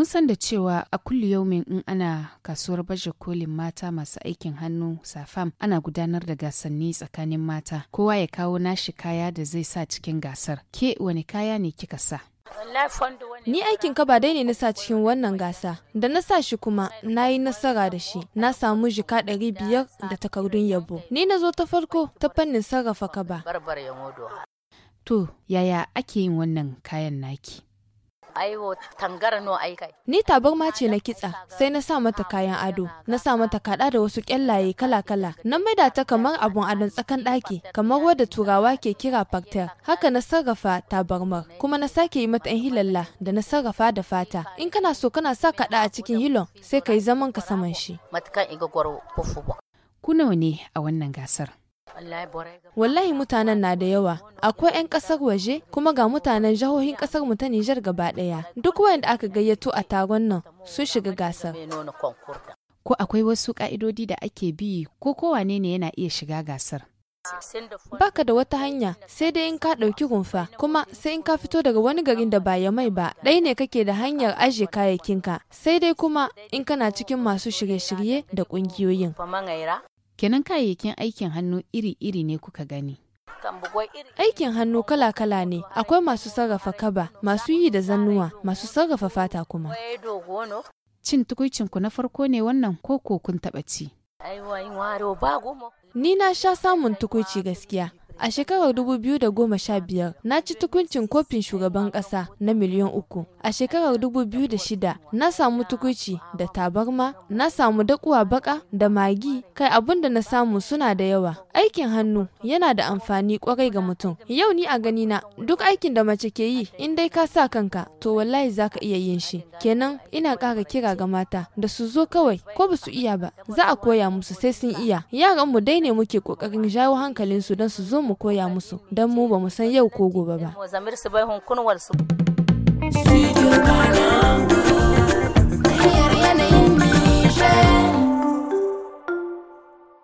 Mun san da cewa a kullu yaumin in ana kasuwar baje kolin mata masu aikin hannu safam ana gudanar da gasanni tsakanin mata kowa ya kawo nashi kaya da zai sa cikin gasar. Ke wani kaya ne kika sa? Ni aikin ka ba dai ne na sa cikin wannan gasa, da na sa shi kuma na yi nasara da shi, na samu jika ɗari biyar da takardun yabo. Ni na zo ta farko ta fannin sarrafa kaba. To, yaya ake yin wannan kayan naki? aiwo tangara no ai kai ni tabarma ce na kitsa sai na sa mata kayan ado na sa mata kada da wasu kyallaye kala-kala na maida ta kamar abun adon tsakan daki kamar wadda turawa ke kira factor haka na sarrafa tabarmar kuma na sake yi mata yan hilalla da na sarrafa da fata in kana so kana sa kada a cikin hilon sai ka yi zaman ka saman shi matakan iga gwaro kuna ne a wannan gasar? Wallahi mutanen na da yawa, akwai 'yan ƙasar waje kuma ga mutanen jihohin ƙasar mu ta Nijar gaba ɗaya. Duk wanda aka gayyato a taron nan sun shiga gasar. Ko akwai wasu ƙa'idodi da ake bi ko kowane ne yana iya shiga gasar? Baka da wata hanya sai dai in ka ɗauki rumfa kuma sai in ka fito daga wani garin da ba ya mai ba ɗai ne kake da hanyar aje kayayyakinka sai dai kuma in kana cikin masu shirye-shirye da ƙungiyoyin. Kenan kayayyakin aikin hannu iri-iri ne kuka gani. Aikin hannu kala-kala ne, akwai masu sarrafa kaba, masu yi da zannuwa, masu sarrafa fata kuma. Cin tukuicinku na farko ne wannan ko kun taɓa ci. Ni na sha samun tukuici gaskiya, A shekarar 2015 na ci tukuncin kofin shugaban ƙasa na miliyan uku. A shekarar 2006 na samu tukuci da tabarma, na samu dakuwa baka da magi, kai abin da na samu suna da yawa. Aikin hannu yana da amfani kwarai ga mutum. Yau ni a gani na. duk aikin da mace ke yi in dai ka sa kanka to wallahi za ka iya yin shi. Kenan ina ƙara kira ga mata da su zo kawai ko ba su iya ba za a koya musu sai sun iya. Yaranmu dai ne muke ƙoƙarin jawo hankalinsu don su zo mu mu koya musu don mu ba mu san yau ko gobe ba. Studio